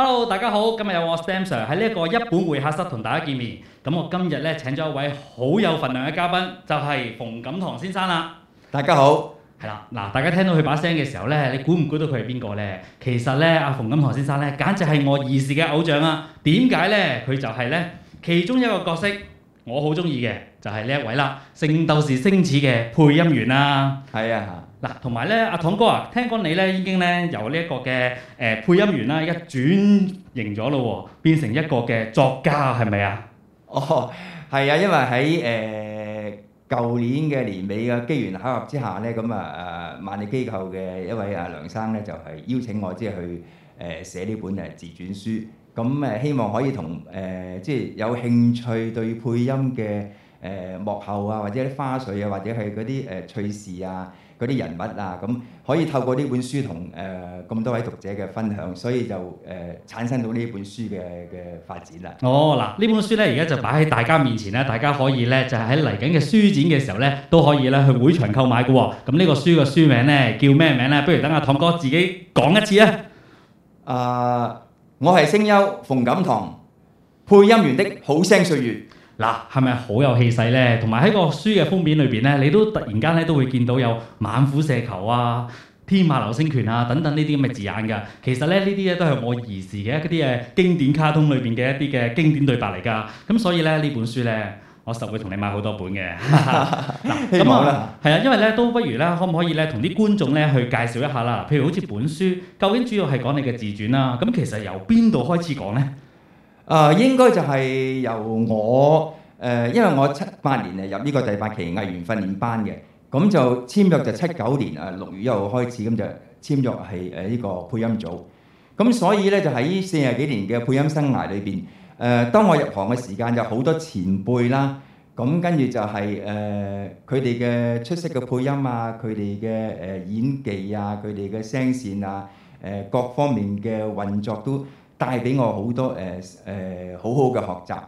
Hello，大家好，今日有我 STEM Sir 喺呢一個一本會客室同大家見面。咁我今日咧請咗一位好有份量嘅嘉賓，就係、是、馮錦堂先生啦。大家好，係啦，嗱，大家聽到佢把聲嘅時候咧，你估唔估到佢係邊個咧？其實咧，阿馮錦堂先生咧，簡直係我兒時嘅偶像啊！點解咧？佢就係咧其中一個角色我，我好中意嘅就係、是、呢一位啦，《聖鬥士星矢》嘅配音員啦，係啊！嗱，同埋咧，阿堂哥啊，聽講你咧已經咧由呢一個嘅誒配音員啦，一轉型咗咯，變成一個嘅作家，係咪啊？哦，係啊，因為喺誒舊年嘅年尾嘅機緣巧合之下咧，咁啊誒萬里機構嘅一位阿、啊、梁生咧就係、是、邀請我即係去誒寫呢本誒自傳書，咁誒、呃、希望可以同誒、呃、即係有興趣對配音嘅。誒、呃、幕後啊，或者啲花絮啊，或者係嗰啲誒趣事啊，嗰啲人物啊，咁、嗯、可以透過呢本書同誒咁多位讀者嘅分享，所以就誒、呃、產生到呢本書嘅嘅發展啦。哦，嗱，呢本書呢，而家就擺喺大家面前呢，大家可以呢，就喺嚟緊嘅書展嘅時候呢，都可以呢去會場購買嘅喎、哦。咁、嗯、呢、這個書嘅書名呢，叫咩名呢？不如等阿堂哥自己講一次啊！啊、呃，我係聲優馮錦堂，配音員的好聲歲月。嗱，係咪好有氣勢咧？同埋喺個書嘅封面裏邊咧，你都突然間咧都會見到有猛虎射球啊、天馬流星拳啊等等呢啲咁嘅字眼㗎。其實咧呢啲咧都係我兒時嘅一啲嘅經典卡通裏邊嘅一啲嘅經典對白嚟噶。咁所以咧呢本書咧，我實會同你買好多本嘅。咁希望係啊，因為咧都不如咧，可唔可以咧同啲觀眾咧去介紹一下啦？譬如好似本書，究竟主要係講你嘅自傳啦？咁其實由邊度開始講咧？啊、呃，應該就係由我誒、呃，因為我七八年誒入呢個第八期藝員訓練班嘅，咁就簽約就七九年啊六月一號開始咁就簽約係誒呢個配音組，咁所以呢，就喺四十幾年嘅配音生涯裏邊，誒、呃、當我入行嘅時間有好多前輩啦，咁跟住就係誒佢哋嘅出色嘅配音啊，佢哋嘅誒演技啊，佢哋嘅聲線啊，誒、呃、各方面嘅運作都，帶俾我好多誒誒、呃呃、好好嘅學習，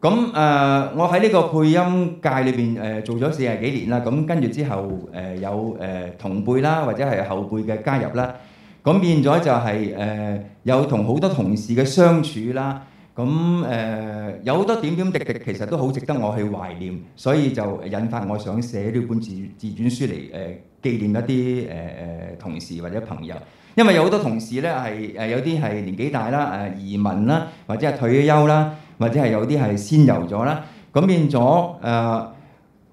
咁誒、呃、我喺呢個配音界裏邊誒做咗四十幾年啦，咁跟住之後誒、呃、有誒、呃、同輩啦或者係後輩嘅加入啦，咁變咗就係、是、誒、呃、有同好多同事嘅相處啦，咁誒、呃、有好多點點滴滴其實都好值得我去懷念，所以就引發我想寫呢本自自傳書嚟誒、呃、紀念一啲誒誒同事或者朋友。因為有好多同事咧，係誒有啲係年紀大啦，誒、呃、移民啦，或者係退休啦，或者係有啲係仙遊咗啦，咁變咗誒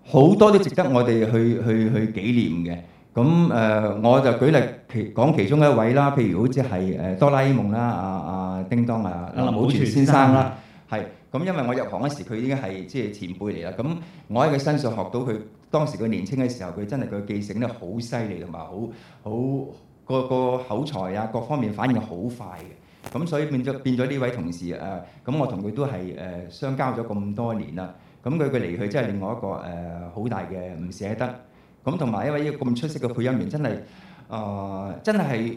好多都值得我哋去去去紀念嘅。咁誒、呃、我就舉例其講其中一位啦，譬如好似係誒哆啦 A 夢啦、阿、啊、阿叮當啊、林保、啊啊、全先生啦，係咁、啊嗯。因為我入行嗰時佢已經係即係前輩嚟啦，咁我喺佢身上學到佢當時佢年輕嘅時候佢真係佢記性咧好犀利同埋好好。個個口才啊，各方面反應好快嘅，咁所以變咗變咗呢位同事啊，咁、呃、我同佢都係誒、呃、相交咗咁多年啦，咁佢佢離去真係另外一個誒好、呃、大嘅唔捨得，咁同埋一位呢個咁出色嘅配音員，真係啊、呃、真係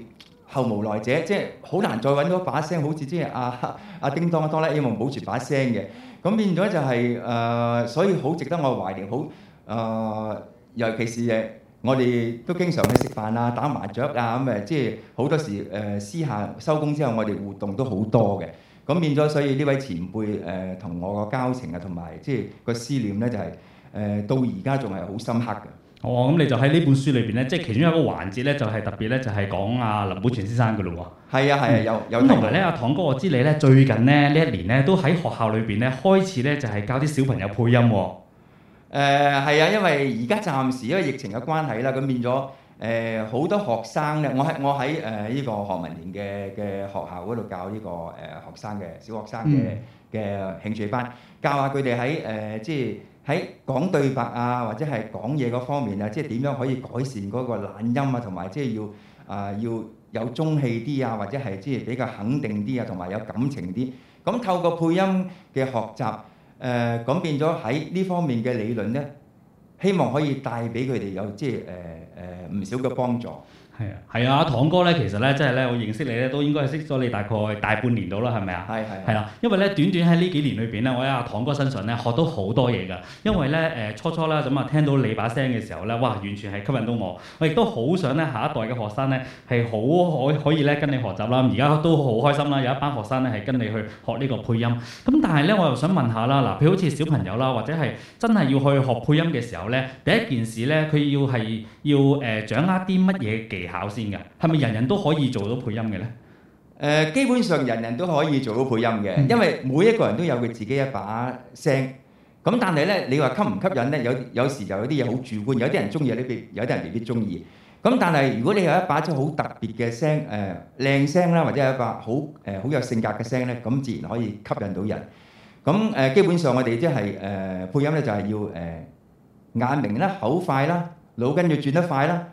後無來者，即係好難再揾到一把聲，好似即係阿阿叮噹哆啦 A 夢，希望保持把聲嘅，咁變咗就係、是、誒、呃，所以好值得我懷念，好誒、呃，尤其是誒。我哋都經常去食飯啊、打麻雀啊，咁、嗯、誒，即係好多時誒、呃、私下收工之後，我哋活動都好多嘅。咁變咗，所以呢位前輩誒同我個交情啊，同埋即係個思念咧，就係誒到而家仲係好深刻嘅。哦，咁、嗯、你就喺呢本書裏邊咧，即係其中一個環節咧，就係、是、特別咧，就係講阿林保全先生嘅咯喎。係啊，係啊，有有。同埋咧，阿堂哥，我知你咧最近咧呢一年咧都喺學校裏邊咧開始咧就係、是、教啲小朋友配音，哦。誒係、呃、啊，因為而家暫時因為疫情嘅關係啦，咁變咗誒好多學生咧。我喺我喺誒呢個何文田嘅嘅學校嗰度教呢、這個誒、呃、學生嘅小學生嘅嘅興趣班，教下佢哋喺誒即係喺講對白啊，或者係講嘢嗰方面啊，即係點樣可以改善嗰個懶音啊，同埋即係要啊、呃、要有中氣啲啊，或者係即係比較肯定啲啊，同埋有，有感情啲。咁透過配音嘅學習。誒，講、呃、變咗喺呢方面嘅理論咧，希望可以帶俾佢哋有即係誒誒唔少嘅幫助。係啊，係啊，阿堂哥咧，其實咧，真係咧，我認識你咧，都應該係識咗你大概大半年到啦，係咪啊？係係。係啊，因為咧，短短喺呢幾年裏邊咧，我喺阿堂哥身上咧，學到好多嘢㗎。因為咧，誒、呃、初初啦，咁啊聽到你把聲嘅時候咧，哇，完全係吸引到我。我亦都好想咧，下一代嘅學生咧係好可可以咧跟你學習啦。而家都好開心啦，有一班學生咧係跟你去學呢個配音。咁但係咧，我又想問下啦，嗱，譬如好似小朋友啦，或者係真係要去學配音嘅時候咧，第一件事咧，佢要係要誒、呃、掌握啲乜嘢技技巧先嘅，係咪人人都可以做到配音嘅咧？誒、呃，基本上人人都可以做到配音嘅，因為每一個人都有佢自己一把聲。咁但係咧，你話吸唔吸引咧？有有時就有啲嘢好主觀，有啲人中意呢，有啲人未必中意。咁但係如果你有一把即係好特別嘅聲，誒靚聲啦，或者有一把好誒好有性格嘅聲咧，咁自然可以吸引到人。咁誒、呃，基本上我哋即係誒配音咧，就係要誒眼明啦，口快啦，腦筋要轉得快啦。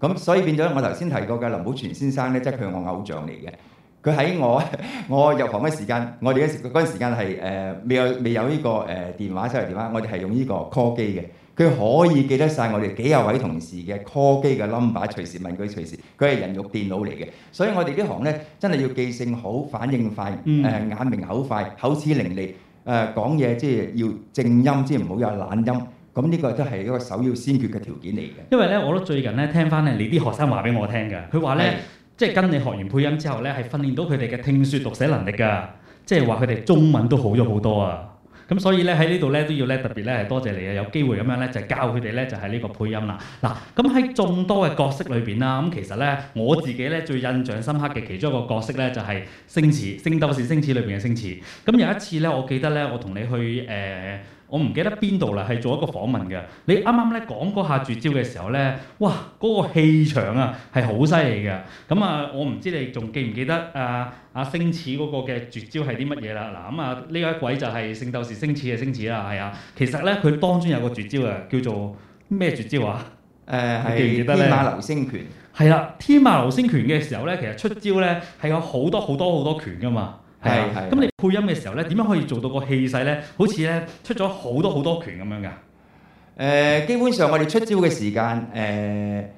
咁所以變咗，我頭先提過嘅林保全先生咧，即係佢係我偶像嚟嘅。佢喺我我入行嘅時間，我哋嗰時嗰陣時間係未有未有依個誒電話手提電話，我哋係用呢個 call 機嘅。佢可以記得晒我哋幾廿位同事嘅 call 機嘅 number，隨時問佢，隨時佢係人肉電腦嚟嘅。所以我哋呢行咧真係要記性好、反應快、誒、呃、眼明口快、口齒伶俐、誒講嘢即係要正音即先，唔好有懶音。咁呢個都係一個首要先決嘅條件嚟嘅。因為咧，我都最近咧聽翻咧你啲學生話俾我聽嘅，佢話咧即係跟你學完配音之後咧，係訓練到佢哋嘅聽説讀寫能力㗎，即係話佢哋中文都好咗好多啊。咁所以咧喺呢度咧都要咧特別咧係多謝你啊，有機會咁樣咧就是、教佢哋咧就係、是、呢個配音啦。嗱，咁喺眾多嘅角色裏邊啦，咁其實咧我自己咧最印象深刻嘅其中一個角色咧就係星矢《聖鬥士》星矢裏邊嘅星矢。咁有一次咧，我記得咧我同你去誒，呃我唔記得邊度啦，係做一個訪問嘅。你啱啱咧講嗰下絕招嘅時候咧，哇，嗰、那個氣場啊係好犀利嘅。咁、嗯嗯、啊，我唔知你仲記唔記得啊？阿星矢嗰個嘅絕招係啲乜嘢啦？嗱、嗯，咁啊，呢一位就係聖鬥士星矢嘅星矢啦，係啊。其實咧，佢當中有個絕招,絕招啊，叫做咩絕招啊？誒，你記唔記得咧、啊？天馬流星拳係啦，天馬流星拳嘅時候咧，其實出招咧係有好多好多好多,多,多拳噶嘛。係係，咁是你配音嘅時候咧，點樣可以做到個氣勢咧？好似咧出咗好多好多拳咁樣噶。誒、呃，基本上我哋出招嘅時間，誒、呃、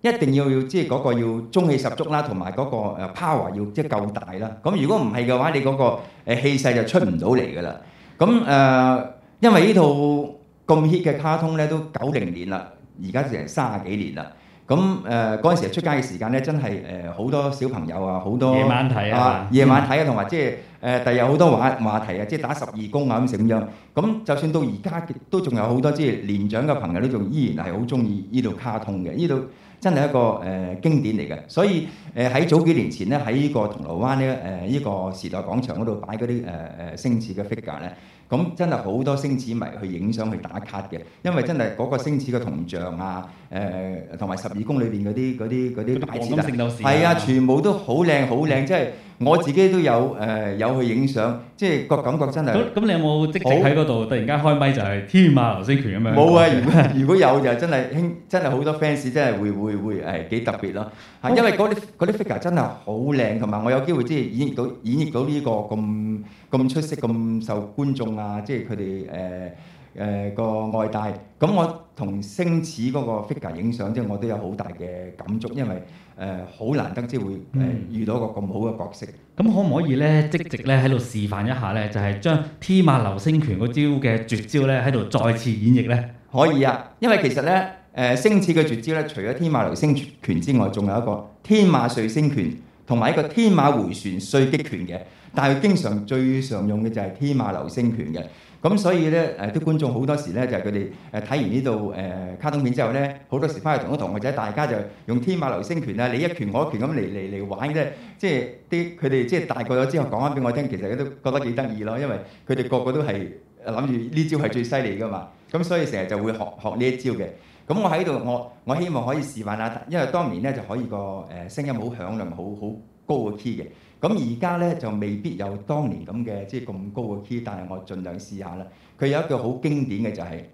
一定要要即係嗰個要中氣十足啦，同埋嗰個誒 power 要即係夠大啦。咁如果唔係嘅話，你嗰個誒氣勢就出唔到嚟噶啦。咁誒、呃，因為呢套咁 hit 嘅卡通咧，都九零年啦，而家成三十幾年啦。咁誒嗰陣時出街嘅時間咧，真係誒好多小朋友啊，好多夜晚睇啊，夜晚睇啊，同埋即係誒第日好多話話題啊，即係打十二宮啊咁成咁樣。咁就算到而家都仲有好多即係年長嘅朋友都仲依然係好中意呢度卡通嘅，呢度真係一個誒經典嚟嘅，所以。誒喺早幾年前咧，喺呢個銅鑼灣咧，誒、呃、依、這個時代廣場嗰度擺嗰啲誒誒星矢嘅 figure 咧，咁真係好多星矢迷去影相去打卡嘅，因為真係嗰個星矢嘅銅像啊，誒同埋十二宮裏邊嗰啲嗰啲嗰啲，黃金聖鬥士係啊，全部都好靚好靚，即係、嗯、我自己都有誒有、呃、我去影相，即係個感覺真係。咁你有冇即時喺嗰度突然間開咪就係天馬流星拳咁樣、嗯？冇啊！如果如果有就真係興，真係好多 fans 真係會會會誒幾特別咯，係因為嗰啲。嗰啲 figure 真係好靚，同埋我有機會即係演繹到演繹到呢個咁咁出色、咁受觀眾啊，即係佢哋誒誒個愛戴。咁我同星矢嗰個 figure 影相，即係我都有好大嘅感觸，因為誒好、呃、難得即係會、呃、遇到一個咁好嘅角色。咁、嗯、可唔可以咧，即席咧喺度示範一下咧，就係將天馬流星拳嗰招嘅絕招咧喺度再次演繹咧？可以啊，因為其實咧。誒、呃、星矢嘅絕招咧，除咗天馬流星拳之外，仲有一個天馬碎星拳，同埋一個天馬回旋碎擊拳嘅。但係佢經常最常用嘅就係天馬流星拳嘅。咁所以咧，誒、呃、啲觀眾好多時咧，就係佢哋誒睇完呢度誒卡通片之後咧，好多時翻去同一同學仔大家就用天馬流星拳啊，你一拳我一拳咁嚟嚟嚟玩嘅。即係啲佢哋即係大個咗之後講翻俾我聽，其實佢都覺得幾得意咯，因為佢哋個個都係諗住呢招係最犀利噶嘛。咁所以成日就會學學呢一招嘅。咁我喺度，我我希望可以示範下，因為當年咧就可以個誒、呃、聲音好響亮、好好高嘅 key 嘅。咁而家咧就未必有當年咁嘅即係咁高嘅 key，但係我盡量試下啦。佢有一句好經典嘅就係、是：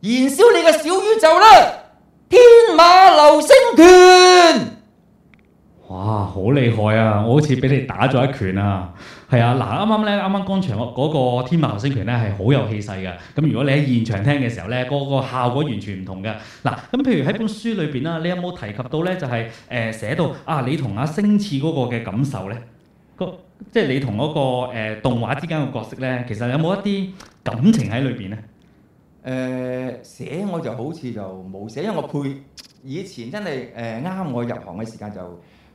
燃燒你嘅小宇宙啦，天馬流星拳！好厲害啊！我好似俾你打咗一拳啊！係啊！嗱，啱啱咧，啱啱剛場嗰個天馬流星拳咧係好有氣勢嘅。咁如果你喺現場聽嘅時候咧，個、那個效果完全唔同嘅。嗱，咁譬如喺本書裏邊啦，你有冇提及到咧、就係？就係誒寫到啊，你同阿、啊、星矢嗰個嘅感受咧，即係你同嗰、那個誒、呃、動畫之間嘅角色咧，其實有冇一啲感情喺裏邊咧？誒寫、呃、我就好似就冇寫，因為我配以前真係誒啱我入行嘅時間就。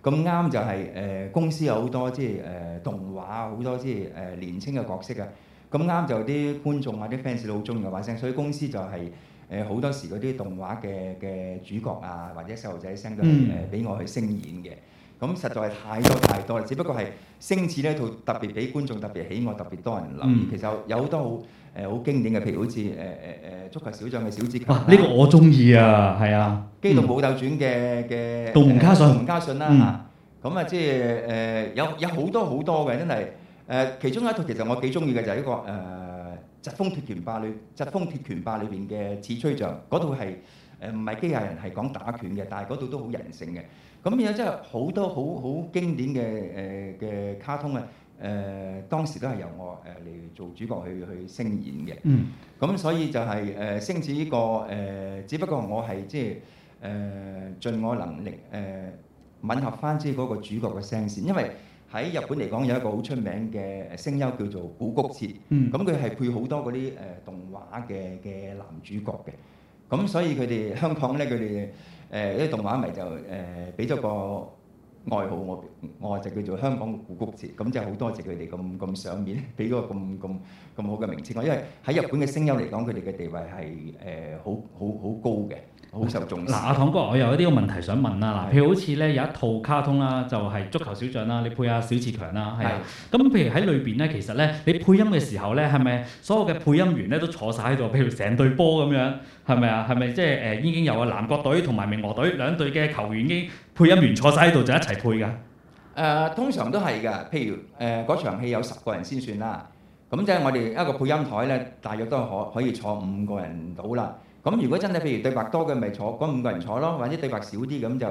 咁啱就係、是、誒、呃、公司有好多即係誒動畫啊，好多即係誒年輕嘅角色啊，咁啱就啲觀眾啊、啲 fans 都好鍾意嘅話聲，所以公司就係誒好多時嗰啲動畫嘅嘅主角啊，或者細路仔聲都係誒，俾、呃、我去聲演嘅。咁實在係太多太多啦，只不過係星矢呢套特別俾觀眾特別喜愛、特別多人留意。嗯、其實有好多好誒好經典嘅，譬如好似誒誒誒足球小將嘅小志強。哇！呢、這個我中意啊，係啊，啊《機動武鬥傳》嘅嘅、嗯。杜夢嘉信，杜夢嘉信啦，咁、嗯、啊即係誒、呃、有有好多好多嘅真係誒、呃、其中一套其實我幾中意嘅就係、是、一、這個誒、呃、疾風鐵拳霸裏，疾風鐵拳霸裏邊嘅紫吹杖嗰套係。誒唔係機械人係講打拳嘅，但係嗰度都好人性嘅。咁然後真係好多好好經典嘅誒嘅卡通啊！誒、呃、當時都係由我誒嚟、呃、做主角去去聲演嘅。嗯。咁所以就係誒星矢呢個誒、呃，只不過我係即係誒盡我能力誒、呃、吻合翻即係嗰個主角嘅聲線，因為喺日本嚟講有一個好出名嘅聲優叫做古谷徹。嗯。咁佢係配好多嗰啲誒動畫嘅嘅男主角嘅。咁所以佢哋香港咧，佢哋呢啲動畫迷就誒俾咗個愛好我，愛就叫做香港古谷徹。咁真係好多謝佢哋咁咁賞面，俾個咁咁咁好嘅名稱我。因為喺日本嘅聲音嚟講，佢哋嘅地位係誒、呃、好好好高嘅。好受重視嗱，阿、啊、堂哥，我又有啲嘅問題想問啊！嗱的，譬如好似咧有一套卡通啦，就係、是、足球小將啦，你配阿小志強啦，係咁的譬如喺裏邊咧，其實咧，你配音嘅時候咧，係咪所有嘅配音員咧都坐晒喺度？譬如成隊波咁樣，係咪啊？係咪即係誒已經有啊南國隊同埋明和隊兩隊嘅球員已經配音員坐晒喺度就一齊配㗎？誒、呃，通常都係㗎。譬如誒嗰、呃、場戲有十個人先算啦。咁即係我哋一個配音台咧，大約都可可以坐五個人到啦。咁如果真係譬如對白多嘅，咪坐嗰五個人坐咯，或者對白少啲咁就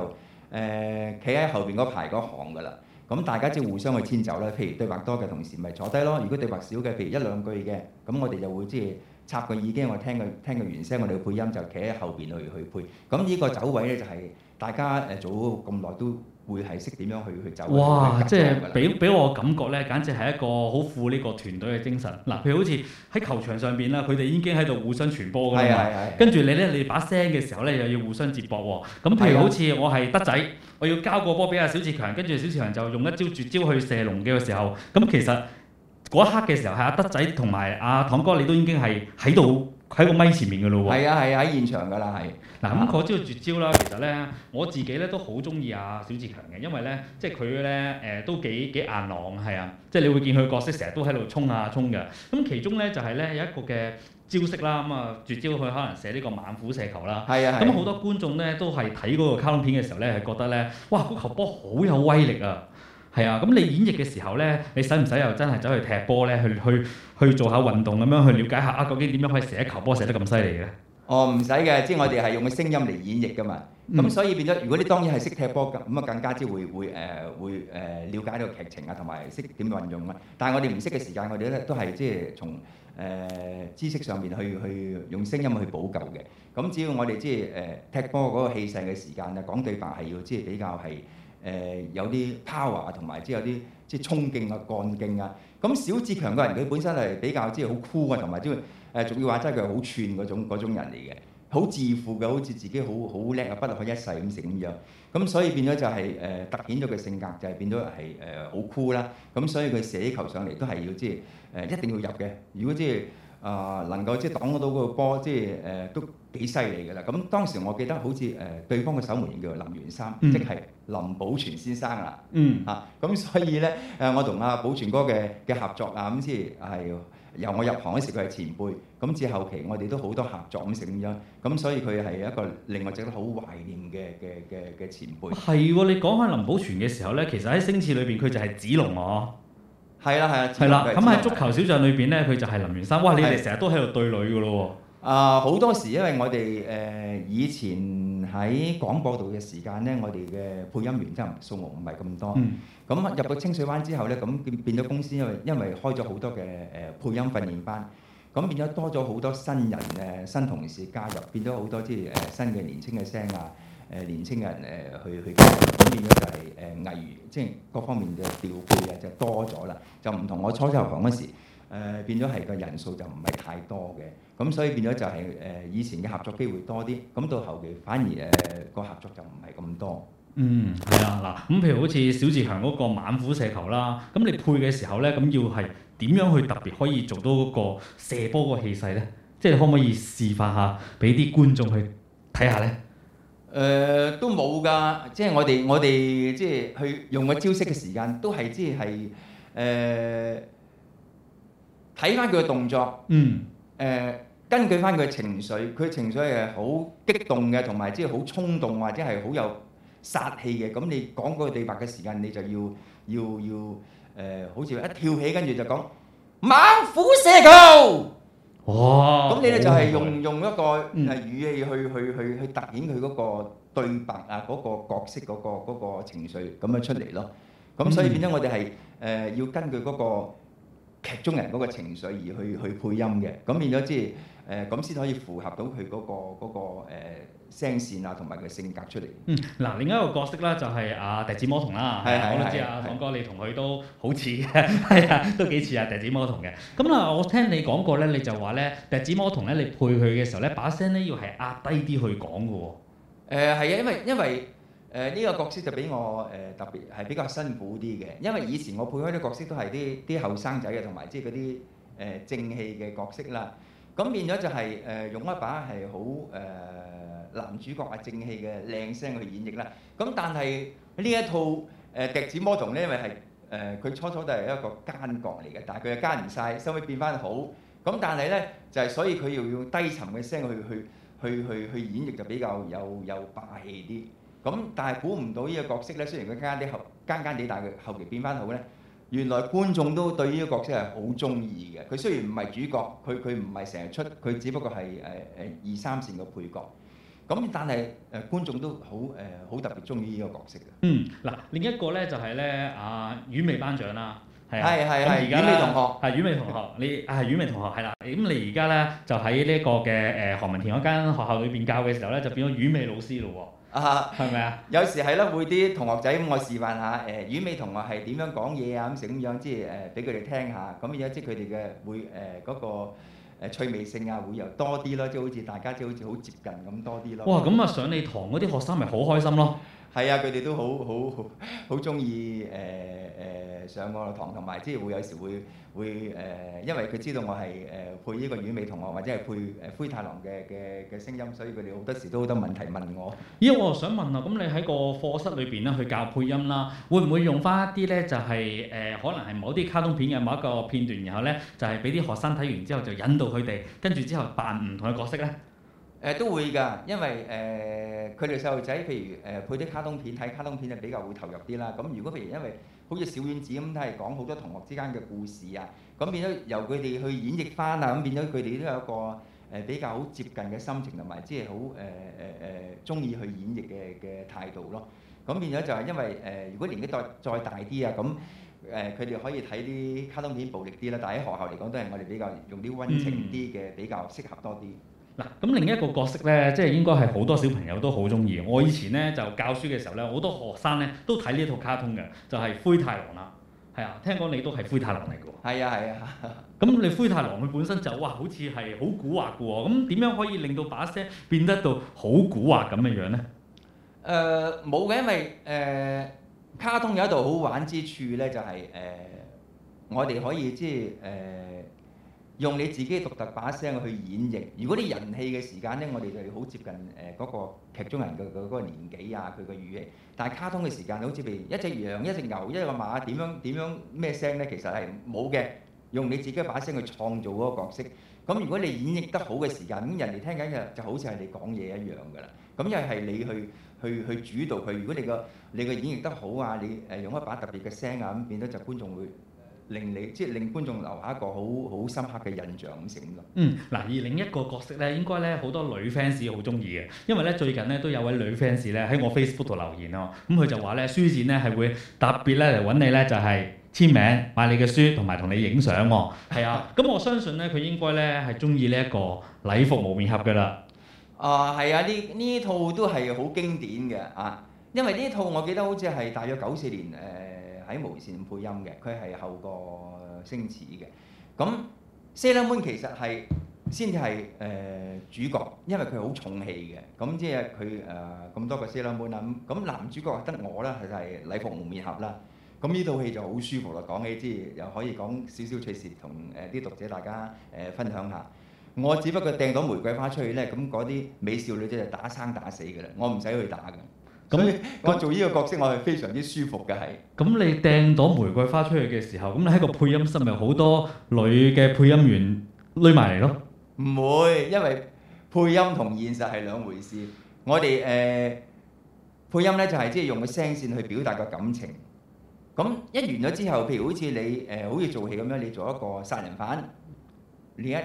誒，企喺後邊嗰排嗰行㗎啦。咁大家即互相去遷就啦。譬如對白多嘅、呃、同事咪坐低咯，如果對白少嘅，譬如一兩句嘅，咁我哋就會即係插個耳機，我聽佢聽佢原聲，我哋嘅配音就企喺後邊去去配。咁呢個走位呢、就係，就係大家誒、呃、做咁耐都。會係識點樣去去走？哇！即係俾俾我感覺咧，簡直係一個好富呢個團隊嘅精神。嗱、啊，譬如好似喺球場上邊啦，佢哋已經喺度互相傳波㗎嘛。係啊係啊。跟住你咧，你把聲嘅時候咧，又要互相接駁喎、哦。咁譬如好似我係德仔，我要交個波俾阿小志強，跟住小志強就用一招絕招去射龍嘅時候，咁其實嗰一刻嘅時候係阿德仔同埋阿堂哥，你都已經係喺度。喺個咪前面嘅咯喎，係啊係啊，喺現場㗎啦係。嗱咁嗰招絕招啦，其實咧我自己咧都好中意阿小志強嘅，因為咧即係佢咧誒都幾幾硬朗，係啊，即係你會見佢角色成日都喺度衝啊衝嘅。咁、嗯、其中咧就係、是、咧有一個嘅招式啦，咁、嗯、啊、嗯、絕招佢可能寫呢個猛虎射球啦。係啊咁好、啊嗯、多觀眾咧都係睇嗰個卡通片嘅時候咧係覺得咧，哇！個球波好有威力啊！係啊，咁你演繹嘅時候呢，你使唔使又真係走去踢波呢？去去去做下運動咁樣去了解下啊？究竟點樣可以寫球波寫得咁犀利呢？哦，唔使嘅，即係我哋係用嘅聲音嚟演繹㗎嘛。咁、嗯、所以變咗，如果你當然係識踢波咁，啊更加之會會誒、呃、會誒瞭、呃、解呢個劇情啊，同埋識點運用啦。但係我哋唔識嘅時間，我哋都係即係從誒、呃、知識上面去去用聲音去補救嘅。咁只要我哋即係誒、呃、踢波嗰個氣勢嘅時間啊，講對白係要即係比較係。誒、呃、有啲 power 同埋即係有啲即係衝勁啊、幹勁啊。咁小志強個人佢本身係比較即係好酷啊，同埋即係誒仲要話真係佢係好串嗰種人嚟嘅，好自負嘅，好似自己好好叻啊，不可一世咁成咁樣。咁所以變咗就係、是、誒、呃、突顯咗佢性格就係變咗係誒好酷啦。咁所以佢射球上嚟都係要即係誒、呃、一定要入嘅。如果即係啊、呃，能夠即係擋到個波，即係誒、呃、都幾犀利㗎啦！咁當時我記得好似誒、呃、對方嘅守門員叫林元三，嗯、即係林保全先生啦、嗯啊呃啊。嗯，嚇咁所以咧誒，我同阿保全哥嘅嘅合作啊，咁即係由我入行嗰時佢係前輩，咁至後期我哋都好多合作咁成咁樣。咁所以佢係一個令我整得好懷念嘅嘅嘅嘅前輩。係喎、哦，你講返林保全嘅時候咧，其實喺星矢裏邊佢就係紫龍我、哦。係啦，係啦、啊。係啦、啊，咁喺、啊啊啊啊啊、足球小將裏邊呢，佢就係林源三。哇！你哋成日都喺度對壘㗎咯喎。啊，好多時因為我哋誒、呃、以前喺廣播道嘅時間呢，我哋嘅配音員真係數目唔係咁多。咁、嗯、入到清水灣之後呢，咁變咗公司因，因為因為開咗好多嘅誒配音訓練班，咁變咗多咗好多新人嘅新同事加入，變咗好多啲誒新嘅年輕嘅聲啊。誒年青人誒去去教咁變咗就係、是、誒、呃、藝員，即係各方面嘅調配啊，就多咗啦。就唔同我初初入行嗰時，誒、呃、變咗係個人數就唔係太多嘅，咁、嗯、所以變咗就係、是、誒、呃、以前嘅合作機會多啲，咁到後期反而誒個、呃、合作就唔係咁多。嗯，係啊，嗱，咁譬如好似小志強嗰個猛虎射球啦，咁你配嘅時候咧，咁要係點樣去特別可以做到嗰個射波個氣勢咧？即、就、係、是、可唔可以示範下俾啲觀眾去睇下咧？誒、呃、都冇噶，即係我哋我哋即係去用個招式嘅時間，都係即係誒睇翻佢嘅動作。嗯。誒、呃、根據翻佢嘅情緒，佢嘅情緒係好激動嘅，同埋即係好衝動或者係好有殺氣嘅。咁、嗯、你講嗰個對白嘅時間，你就要要要誒、呃，好似一跳起跟住就講猛虎射球。哦，咁哇你咧就係、係、用用一個係語氣去、嗯、去去去，去，去突顯佢嗰個對白啊，嗰、嗰個角色嗰、嗰個嗰個情緒咁樣出嚟咯。咁所以變咗我哋係誒要根據嗰個劇中人嗰個情緒而去去配音嘅。咁變咗即係誒咁先可以符合到佢嗰、嗰個嗰、嗰個呃聲線啊，同埋佢性格出嚟。嗯，嗱，另一個角色咧就係啊，笛子魔童啦，是是是是我都知啊，堂是是 哥你同佢都好似，係 啊，都幾似啊，笛子魔童嘅。咁啊，我聽你講過咧，你就話咧，笛子魔童咧，你配佢嘅時候咧，把聲咧要係壓低啲去講嘅喎。誒係啊，因為因為誒呢、呃這個角色就俾我誒、呃、特別係比較辛苦啲嘅，因為以前我配開啲角色都係啲啲後生仔嘅，同埋即係嗰啲誒正氣嘅角色啦。咁變咗就係誒用一把係好誒。呃嗯嗯男主角啊，正氣嘅靚聲去演繹啦。咁、嗯、但係呢一套誒、呃《笛子魔童》呢，因為係誒佢初初都係一個奸角嚟嘅，但係佢又奸唔曬，收尾變翻好。咁、嗯、但係呢，就係、是、所以佢要用低沉嘅聲去去去去，去演繹，就比較有有霸氣啲。咁、嗯、但係估唔到呢個角色呢，雖然佢奸啲後奸奸啲，但係佢後期變翻好呢。原來觀眾都對呢個角色係好中意嘅。佢雖然唔係主角，佢佢唔係成日出，佢只不過係誒誒二三線嘅配角。咁但係誒觀眾都好誒好特別中意呢個角色嘅。うう嗯，嗱，另一個咧就係咧啊，丸美班長啦，係啊，係係而家丸美同學，係丸美同學，你係丸美同學係啦。咁你而家咧就喺呢一個嘅誒何文田嗰間學校裏邊教嘅時候咧，就變咗丸美老師咯喎。啊，係咪啊？有時係咯，會啲同學仔咁我示範下誒丸美同學係點樣講嘢啊，咁成咁樣即係誒俾佢哋聽下。咁而家即係佢哋嘅會誒嗰個。誒趣味性啊，會又多啲咯，即係好似大家即係好似好接近咁多啲咯。哇！咁啊，上你堂嗰啲學生咪好開心咯～係啊，佢哋都好好好中意誒誒上我嘅堂，同埋即係會有時會會誒、呃，因為佢知道我係誒配呢個丸美同學或者係配誒灰、呃、太狼嘅嘅嘅聲音，所以佢哋好多時都好多問題問我。咦、呃，我又想問啊，咁你喺個課室裏邊咧去教配音啦，會唔會用翻一啲咧？就係、是、誒、呃，可能係某啲卡通片嘅某一個片段呢，然後咧就係俾啲學生睇完之後就引導佢哋，跟住之後扮唔同嘅角色咧？誒都會㗎，因為誒佢哋細路仔，譬如誒配啲卡通片睇卡通片就比較會投入啲啦。咁如果譬如因為好似小丸子咁，都係講好多同學之間嘅故事啊，咁變咗由佢哋去演繹翻啊，咁變咗佢哋都有一個誒、呃、比較好接近嘅心情同埋，即係好誒誒誒中意去演繹嘅嘅態度咯。咁變咗就係因為誒、呃，如果年紀再再大啲啊，咁誒佢哋可以睇啲卡通片暴力啲啦，但係喺學校嚟講都係我哋比較用啲溫情啲嘅比較適合多啲。呃呃嗱，咁另一個角色咧，即係應該係好多小朋友都好中意。我以前咧就教書嘅時候咧，好多學生咧都睇呢套卡通嘅，就係、是《灰太狼》啦。係啊，聽講你都係灰太狼嚟㗎喎。係啊，係啊。咁你灰太狼佢本身就哇，好似係好古惑㗎喎。咁點樣可以令到把聲變得到好古惑咁嘅樣咧？誒冇嘅，因為誒、呃、卡通有一度好玩之處咧、就是，就係誒我哋可以即係誒。呃用你自己獨特把聲去演繹。如果啲人氣嘅時間呢，我哋就要好接近誒嗰個劇中人嘅嗰個年紀啊，佢嘅語氣。但係卡通嘅時間，好似譬如一隻羊、一隻牛、一個馬，點樣點樣咩聲呢？其實係冇嘅。用你自己把聲去創造嗰個角色。咁如果你演繹得好嘅時間，咁人哋聽緊就就好似係你講嘢一樣㗎啦。咁又係你去去去主導佢。如果你個你個演繹得好啊，你誒用一把特別嘅聲啊，咁變咗就觀眾會。令你即係令觀眾留下一個好好深刻嘅印象咁成㗎。嗯，嗱，而另一個角色咧，應該咧好多女 fans 好中意嘅，因為咧最近咧都有位女 fans 咧喺我 Facebook 度留言、哦嗯就是哦、啊，咁佢就話咧書展咧係會特別咧嚟揾你咧就係簽名買你嘅書同埋同你影相喎，係啊，咁我相信咧佢應該咧係中意呢一個禮服蒙面俠嘅啦。啊，係啊，呢呢套都係好經典嘅啊，因為呢一套我記得好似係大約九四年誒。呃喺無線配音嘅，佢係後個聲子嘅。咁，s a l 西 o n 其實係先至係誒主角，因為佢好重戲嘅。咁即係佢誒咁多個西 o n 啦。咁男主角得我就係、是、禮服蒙面俠啦。咁呢套戲就好舒服咯。講起即又可以講少少趣事，同誒啲讀者大家誒、呃、分享下。我只不過掟到玫瑰花出去呢，咁嗰啲美少女就打生打死㗎啦。我唔使去打㗎。咁那我做呢個角色，我係非常之舒服嘅，係。咁你掟朵玫瑰花出去嘅時候，咁你喺個配音室咪好多女嘅配音員匿埋嚟咯？唔會，因為配音同現實係兩回事。我哋誒、呃、配音呢就係即係用個聲線去表達個感情。咁一完咗之後，譬如好似你誒、呃，好似做戲咁樣，你做一個殺人犯另一。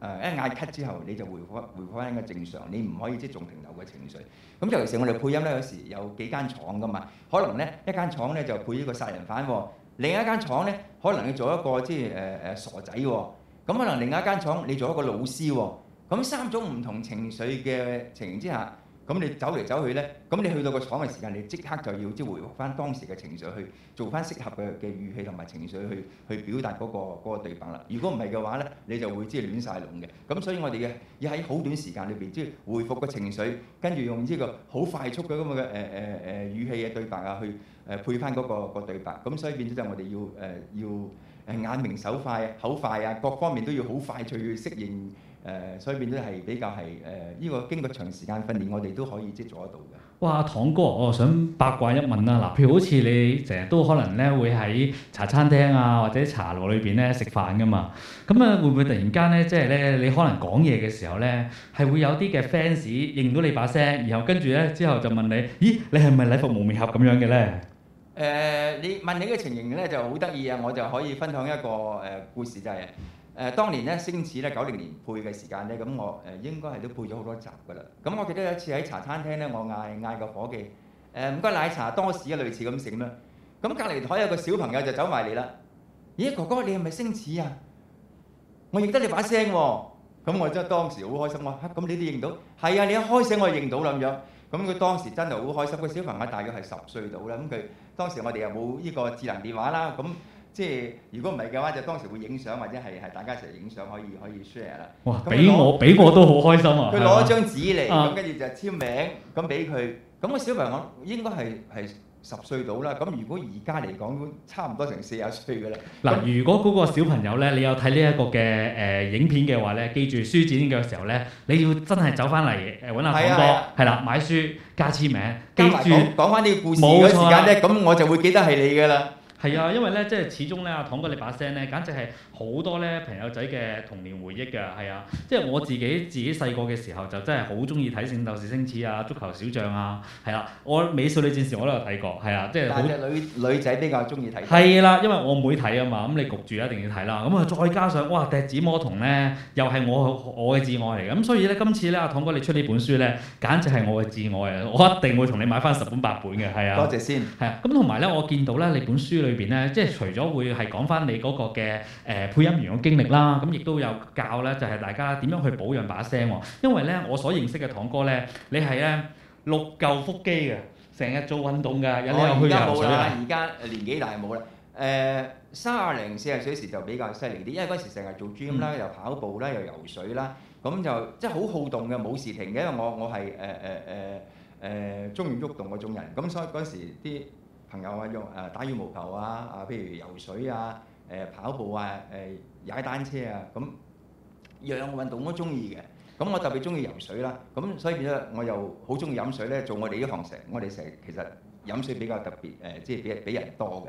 誒，一嗌、呃、咳之後你就回復回復翻一個正常，你唔可以即係仲停留個情緒。咁尤其是我哋配音呢，有時有幾間廠噶嘛，可能呢，一間廠呢就配一個殺人犯、哦，喎，另一間廠呢，可能你做一個即係誒傻仔、哦，喎。咁可能另一間廠你做一個老師、哦，咁三種唔同情緒嘅情形之下。咁你走嚟走去呢，咁你去到個廠嘅時間，你即刻就要即回復翻當時嘅情緒，去做翻適合嘅嘅語氣同埋情緒去情緒去，去表達嗰、嗰個嗰、嗰個對白啦。如果唔係嘅話呢，你就會即係亂曬龍嘅。咁所以我哋嘅要喺好短時間裏邊，即係回復個情緒，跟住用呢個好快速嘅咁嘅誒誒誒語氣嘅對白啊、嗰個，去誒配翻嗰個個對白。咁所以變咗就我哋要誒、呃、要誒眼明手快、口快啊，各方面都要好快脆去適應。誒、呃，所以變咗係比較係誒，呢、呃、個經過長時間訓練，我哋都可以即係做得到嘅。哇，堂哥，我想八卦一問啦、啊。嗱，譬如好似你成日都可能咧會喺茶餐廳啊或者茶樓裏邊咧食飯噶嘛，咁啊會唔會突然間咧即係咧你可能講嘢嘅時候咧係會有啲嘅 fans 認到你把聲，然後跟住咧之後就問你：咦，你係咪禮服蒙面俠咁樣嘅咧？誒、呃，你問你嘅情形咧就好得意啊！我就可以分享一個誒、呃、故事就係、是。誒、呃，當年咧，星矢咧，九零年配嘅時間呢，咁我誒應該係都配咗好多集㗎啦。咁我記得有一次喺茶餐廳呢，我嗌嗌個伙計，呃、唔該奶茶多士啊，類似咁醒啦。咁隔離台有個小朋友就走埋嚟啦。咦，哥哥你係咪星矢啊？我認得你把聲喎、啊。咁我真係當時好開心喎。嚇，咁、啊、你都認到？係啊，你一開聲我就認到啦咁樣。咁佢當時真係好開心。個小朋友大約係十歲到啦。咁佢當時我哋又冇呢個智能電話啦。咁即係如果唔係嘅話，就當時會影相，或者係係大家一齊影相，可以可以 share 啦。哇！俾我俾我都好開心啊！佢攞咗張紙嚟，咁跟住就簽名，咁俾佢。咁個小朋友應該係係十歲到啦。咁如果而家嚟講，差唔多成四十歲噶啦。嗱，如果嗰個小朋友咧，你有睇呢一個嘅誒影片嘅話咧，記住書展嘅時候咧，你要真係走翻嚟誒揾下堂哥，係啦，買書加簽名，記住講翻呢個故事嘅時間咧，咁我就會記得係你噶啦。係啊，因為咧即係始終咧阿堂哥你把聲咧，簡直係好多咧朋友仔嘅童年回憶㗎。係啊，即係我自己自己細個嘅時候就真係好中意睇《聖鬥士星矢》啊，《足球小將》啊，係啦、啊，我《美少女戰士》我都有睇過，係啊，即係。但係女女仔比較中意睇。係啦、啊，因為我妹睇啊嘛，咁、嗯、你焗住一定要睇啦。咁、嗯、啊再加上哇，《笛子魔童》咧又係我我嘅摯愛嚟㗎。咁所以咧今次咧阿堂哥你出呢本書咧，簡直係我嘅摯愛啊！我一定會同你買翻十本八本嘅。係啊。多謝先謝。係啊，咁同埋咧我見到咧你本書。裏邊咧，即係除咗會係講返你嗰個嘅誒、呃、配音員嘅經歷啦，咁、嗯、亦都有教咧，就係、是、大家點樣去保養把聲、哦。因為咧，我所認識嘅堂哥咧，你係咧六嚿腹肌嘅，成日做運動㗎，哦、有你而家冇啦，而家年紀大冇啦。誒、呃、三十零四十歲時就比較犀利啲，因為嗰時成日做 gym 啦，嗯、又跑步啦，又游水啦，咁就即係好好動嘅，冇時停嘅。因為我我係誒誒誒誒鍾意喐動嗰種人，咁所以嗰時啲朋友啊，用、呃、誒打羽毛球啊，啊，譬如游水啊，誒、呃、跑步啊，誒、呃、踩單車啊，咁樣樣運動我都中意嘅。咁我特別中意游水啦。咁所以變咗我又好中意飲水呢。做我哋呢行成，我哋成日其實飲水比較特別，誒、呃，即係比比人多嘅。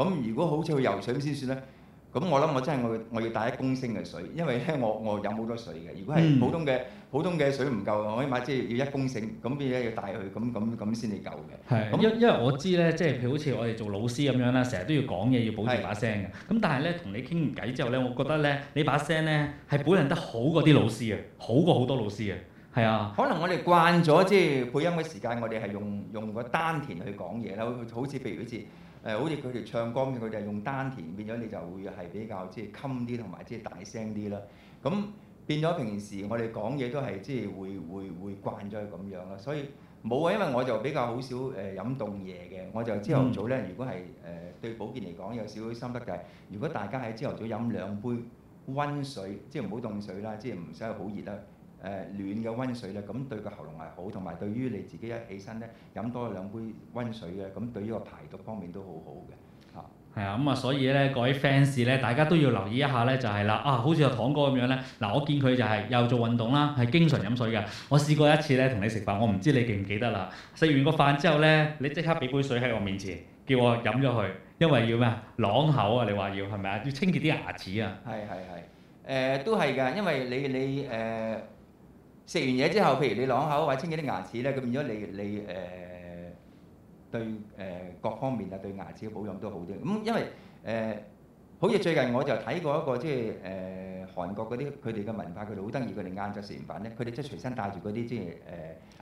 咁如果好似去游水先算咧。咁我諗我真係我我要帶一公升嘅水，因為咧我我飲好多水嘅。如果係普通嘅、嗯、普通嘅水唔夠，我起碼即係要一公升。咁邊咧要帶去？咁咁咁先至夠嘅。係。咁因因為我知咧，即係譬如好似我哋做老師咁樣啦，成日都要講嘢，要保持把聲嘅。咁是但係咧，同你傾完偈之後咧，就我覺得咧，你把聲咧係本嚟得好過啲老師啊，好過好多老師啊。係啊。可能我哋慣咗即係配音嘅時間，我哋係用用個丹田去講嘢啦。好似譬如好似。誒、呃，好似佢哋唱歌嘅，佢哋係用丹田，變咗你就會係比較即係襟啲同埋即係大聲啲啦。咁變咗平時我哋講嘢都係即係會會會慣咗佢咁樣啦。所以冇啊，因為我就比較好少誒飲凍嘢嘅，我就朝頭早呢，嗯、如果係誒、呃、對保健嚟講有少少心得嘅、就是，如果大家喺朝頭早飲兩杯温水，即係唔好凍水啦，即係唔使好熱啦。暖嘅温水咧，咁對個喉嚨係好，同埋對於你自己一起身咧飲多兩杯温水嘅，咁對依個排毒方面都好好嘅嚇。係啊，咁啊，所以咧，各位 fans 咧，大家都要留意一下咧、就是，就係啦啊，好似阿堂哥咁樣咧，嗱、啊，我見佢就係又做運動啦，係經常飲水嘅。我試過一次咧，同你食飯，我唔知你記唔記得啦。食完個飯之後咧，你即刻俾杯水喺我面前，叫我飲咗佢，因為要咩啊？朗口啊，你話要係咪啊？要清潔啲牙齒啊？係係係。誒、呃、都係㗎，因為你你誒。你你呃嗯食完嘢之後，譬如你啷口或清潔啲牙齒呢，咁變咗你你誒、呃、對誒、呃、各方面啊，對牙齒嘅保養都好啲。咁因為誒、呃，好似最近我就睇過一個即係誒韓國嗰啲佢哋嘅文化，佢好得意，佢哋晏晝食完飯咧，佢哋即係隨身帶住嗰啲即係誒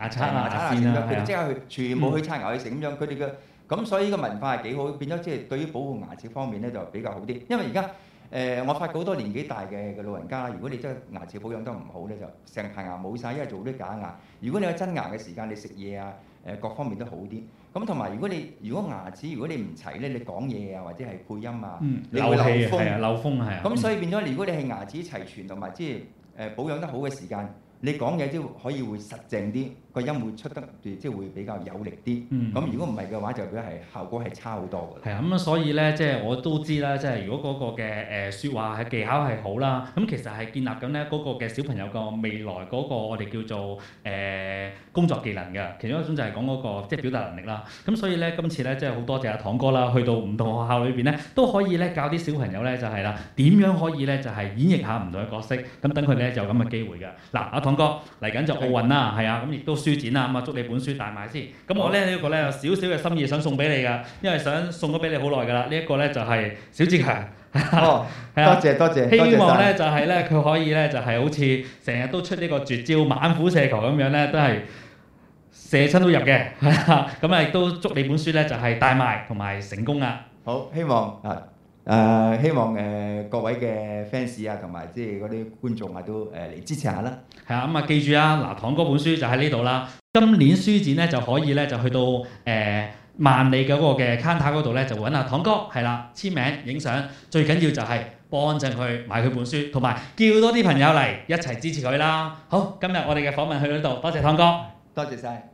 牙刷牙刷咁樣，佢即刻去全部去刷牙去食咁樣。佢哋嘅咁所以個文化係幾好，變咗即係對於保護牙齒方面呢就比較好啲。因為而家。誒、呃，我發覺好多年紀大嘅嘅老人家，如果你真係牙齒保養得唔好呢，就成排牙冇晒，因為做啲假牙。如果你有真牙嘅時間，你食嘢啊，誒、呃、各方面都好啲。咁同埋如果你如果牙齒如果你唔齊呢，你講嘢啊或者係配音啊，嗯、你會漏氣、啊、漏風，係啊。咁所以變咗，如果你係牙齒齊全同埋即係保養得好嘅時間，你講嘢先可以會實淨啲。個音會出得即係即會比較有力啲。咁、嗯、如果唔係嘅話，就佢係效果係差好多嘅。係啊，咁所以呢，即係我都知啦，即係如果嗰個嘅誒説話係技巧係好啦，咁其實係建立緊呢嗰個嘅小朋友個未來嗰個我哋叫做誒、呃、工作技能嘅，其中一種就係講嗰、那個即係、就是、表達能力啦。咁所以呢，今次呢，即係好多謝阿、啊、堂哥啦，去到唔同學校裏邊呢，都可以呢教啲小朋友呢就係、是、啦，點樣可以呢就係、是、演繹下唔同嘅角色，咁等佢呢有咁嘅機會㗎。嗱、啊，阿、啊、堂哥嚟緊就奧運啦，係啊，咁亦都，書展啊，咁啊祝你本書大賣先。咁我咧呢一、這個咧有少少嘅心意想送俾你噶，因為想送咗俾你好耐噶啦。這個，呢一個咧就係、是、小志強啊、哦，多謝多謝， 希望咧就係咧佢可以咧就係、是、好似成日都出呢個絕招猛虎射球咁樣咧，都係射親都入嘅。咁啊亦都祝你本書咧就係、是、大賣同埋成功啊！好，希望啊。誒、呃、希望誒、呃、各位嘅 fans 啊，同埋即係嗰啲觀眾咪、啊、都誒嚟、呃、支持下啦。係啊，咁、嗯、啊記住啊，嗱，堂哥本書就喺呢度啦。今年書展咧就可以咧就去到誒、呃、萬利萬里嘅嗰個嘅檔攤嗰度咧就揾啊堂哥係啦，簽名影相，最緊要就係幫襯佢買佢本書，同埋叫多啲朋友嚟一齊支持佢啦。好，今日我哋嘅訪問去到呢度，多謝堂哥，多謝晒。